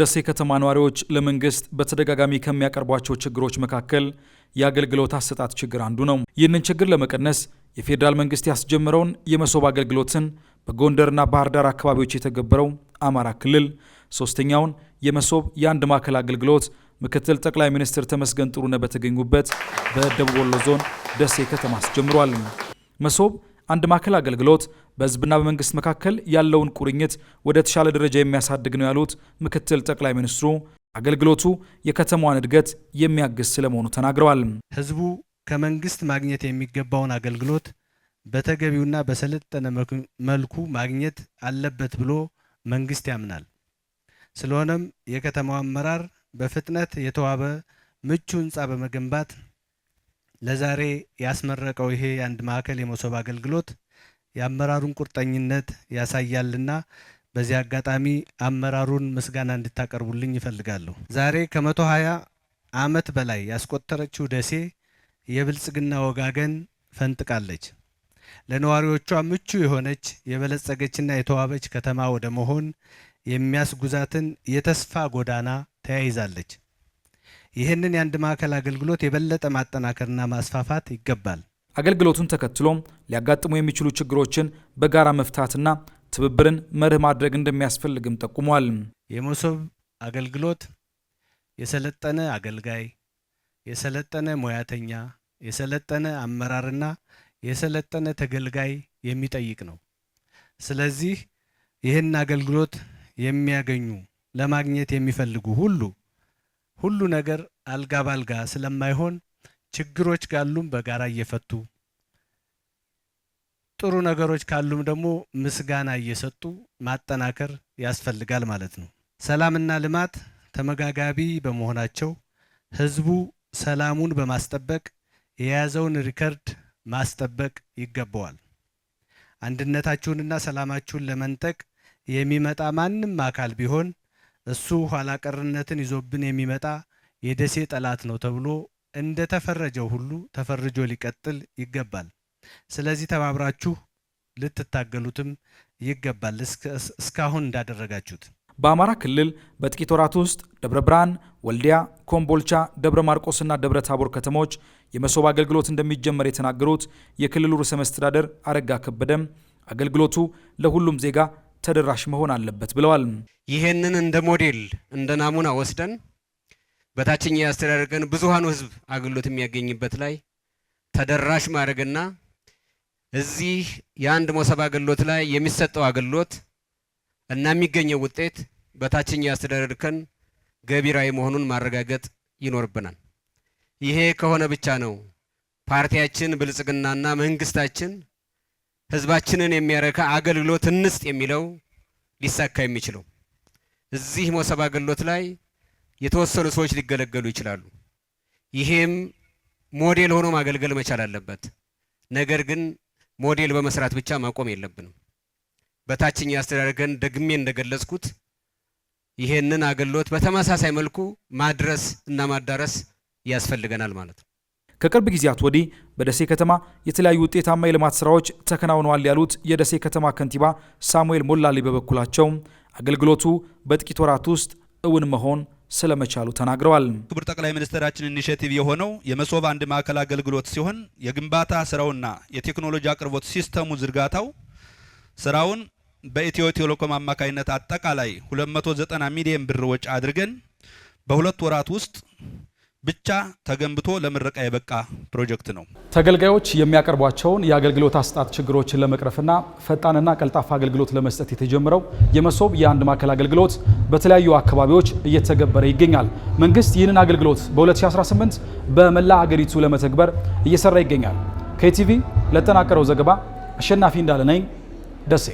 ደሴ ከተማ ነዋሪዎች ለመንግስት በተደጋጋሚ ከሚያቀርቧቸው ችግሮች መካከል የአገልግሎት አሰጣጥ ችግር አንዱ ነው። ይህንን ችግር ለመቀነስ የፌዴራል መንግስት ያስጀመረውን የመሶብ አገልግሎትን በጎንደርና ባህር ዳር አካባቢዎች የተገበረው አማራ ክልል ሶስተኛውን የመሶብ የአንድ ማዕከል አገልግሎት ምክትል ጠቅላይ ሚኒስትር ተመስገን ጥሩነህ በተገኙበት በደቡብ ወሎ ዞን ደሴ ከተማ አስጀምሯል። መሶብ አንድ ማዕከል አገልግሎት በህዝብና በመንግስት መካከል ያለውን ቁርኝት ወደ ተሻለ ደረጃ የሚያሳድግ ነው ያሉት ምክትል ጠቅላይ ሚኒስትሩ አገልግሎቱ የከተማዋን እድገት የሚያግዝ ስለመሆኑ ተናግረዋል። ህዝቡ ከመንግስት ማግኘት የሚገባውን አገልግሎት በተገቢውና በሰለጠነ መልኩ ማግኘት አለበት ብሎ መንግስት ያምናል። ስለሆነም የከተማው አመራር በፍጥነት የተዋበ ምቹ ህንፃ በመገንባት ለዛሬ ያስመረቀው ይሄ የአንድ ማዕከል የመሶብ አገልግሎት የአመራሩን ቁርጠኝነት ያሳያልና በዚህ አጋጣሚ አመራሩን ምስጋና እንድታቀርቡልኝ ይፈልጋለሁ። ዛሬ ከመቶ ሀያ ዓመት በላይ ያስቆጠረችው ደሴ የብልጽግና ወጋገን ፈንጥቃለች። ለነዋሪዎቿ ምቹ የሆነች የበለጸገችና የተዋበች ከተማ ወደ መሆን የሚያስጉዛትን የተስፋ ጎዳና ተያይዛለች። ይህንን የአንድ ማዕከል አገልግሎት የበለጠ ማጠናከርና ማስፋፋት ይገባል። አገልግሎቱን ተከትሎም ሊያጋጥሙ የሚችሉ ችግሮችን በጋራ መፍታትና ትብብርን መርህ ማድረግ እንደሚያስፈልግም ጠቁሟል። የመሶብ አገልግሎት የሰለጠነ አገልጋይ፣ የሰለጠነ ሙያተኛ፣ የሰለጠነ አመራርና የሰለጠነ ተገልጋይ የሚጠይቅ ነው። ስለዚህ ይህን አገልግሎት የሚያገኙ ለማግኘት የሚፈልጉ ሁሉ ሁሉ ነገር አልጋ ባልጋ ስለማይሆን ችግሮች ካሉም በጋራ እየፈቱ ጥሩ ነገሮች ካሉም ደግሞ ምስጋና እየሰጡ ማጠናከር ያስፈልጋል ማለት ነው። ሰላምና ልማት ተመጋጋቢ በመሆናቸው ህዝቡ ሰላሙን በማስጠበቅ የያዘውን ሪከርድ ማስጠበቅ ይገባዋል። አንድነታችሁንና ሰላማችሁን ለመንጠቅ የሚመጣ ማንም አካል ቢሆን እሱ ኋላ ቀርነትን ይዞብን የሚመጣ የደሴ ጠላት ነው ተብሎ እንደ ተፈረጀው ሁሉ ተፈርጆ ሊቀጥል ይገባል። ስለዚህ ተባብራችሁ ልትታገሉትም ይገባል እስካሁን እንዳደረጋችሁት። በአማራ ክልል በጥቂት ወራት ውስጥ ደብረ ብርሃን፣ ወልዲያ፣ ኮምቦልቻ፣ ደብረ ማርቆስና ደብረ ታቦር ከተሞች የመሶብ አገልግሎት እንደሚጀመር የተናገሩት የክልሉ ርዕሰ መስተዳደር አረጋ ከበደም አገልግሎቱ ለሁሉም ዜጋ ተደራሽ መሆን አለበት ብለዋል። ይህንን እንደ ሞዴል እንደ ናሙና ወስደን በታችኛ ያስተዳደርገን ብዙሃኑ ህዝብ አገልግሎት የሚያገኝበት ላይ ተደራሽ ማድረግና እዚህ የአንድ ሞሰብ አገልግሎት ላይ የሚሰጠው አገልግሎት እና የሚገኘው ውጤት በታችኛ ያስተዳደር እርከን ገቢራዊ መሆኑን ማረጋገጥ ይኖርብናል። ይሄ ከሆነ ብቻ ነው ፓርቲያችን ብልጽግናና መንግስታችን ህዝባችንን የሚያረካ አገልግሎት እንስጥ የሚለው ሊሳካ የሚችለው እዚህ ሞሰብ አገልግሎት ላይ የተወሰኑ ሰዎች ሊገለገሉ ይችላሉ። ይሄም ሞዴል ሆኖ ማገልገል መቻል አለበት። ነገር ግን ሞዴል በመስራት ብቻ ማቆም የለብንም። በታችኛ አስተዳደርገን ደግሜ እንደገለጽኩት ይሄንን አገልግሎት በተመሳሳይ መልኩ ማድረስ እና ማዳረስ ያስፈልገናል ማለት ነው። ከቅርብ ጊዜያት ወዲህ በደሴ ከተማ የተለያዩ ውጤታማ የልማት ስራዎች ተከናውነዋል ያሉት የደሴ ከተማ ከንቲባ ሳሙኤል ሞላሌ በበኩላቸው አገልግሎቱ በጥቂት ወራት ውስጥ እውን መሆን ስለመቻሉ ተናግረዋል። ክቡር ጠቅላይ ሚኒስትራችን ኢኒሽቲቭ የሆነው የመሶብ አንድ ማዕከል አገልግሎት ሲሆን የግንባታ ስራውና የቴክኖሎጂ አቅርቦት ሲስተሙ ዝርጋታው ስራውን በኢትዮ ቴሌኮም አማካኝነት አጠቃላይ 290 ሚሊዮን ብር ወጪ አድርገን በሁለት ወራት ውስጥ ብቻ ተገንብቶ ለምረቃ የበቃ ፕሮጀክት ነው። ተገልጋዮች የሚያቀርቧቸውን የአገልግሎት አሰጣጥ ችግሮችን ለመቅረፍና ፈጣንና ቀልጣፋ አገልግሎት ለመስጠት የተጀመረው የመሶብ የአንድ ማዕከል አገልግሎት በተለያዩ አካባቢዎች እየተገበረ ይገኛል። መንግስት ይህንን አገልግሎት በ2018 በመላ አገሪቱ ለመተግበር እየሰራ ይገኛል። ከቲቪ ለተጠናቀረው ዘገባ አሸናፊ እንዳለ ነኝ ደሴ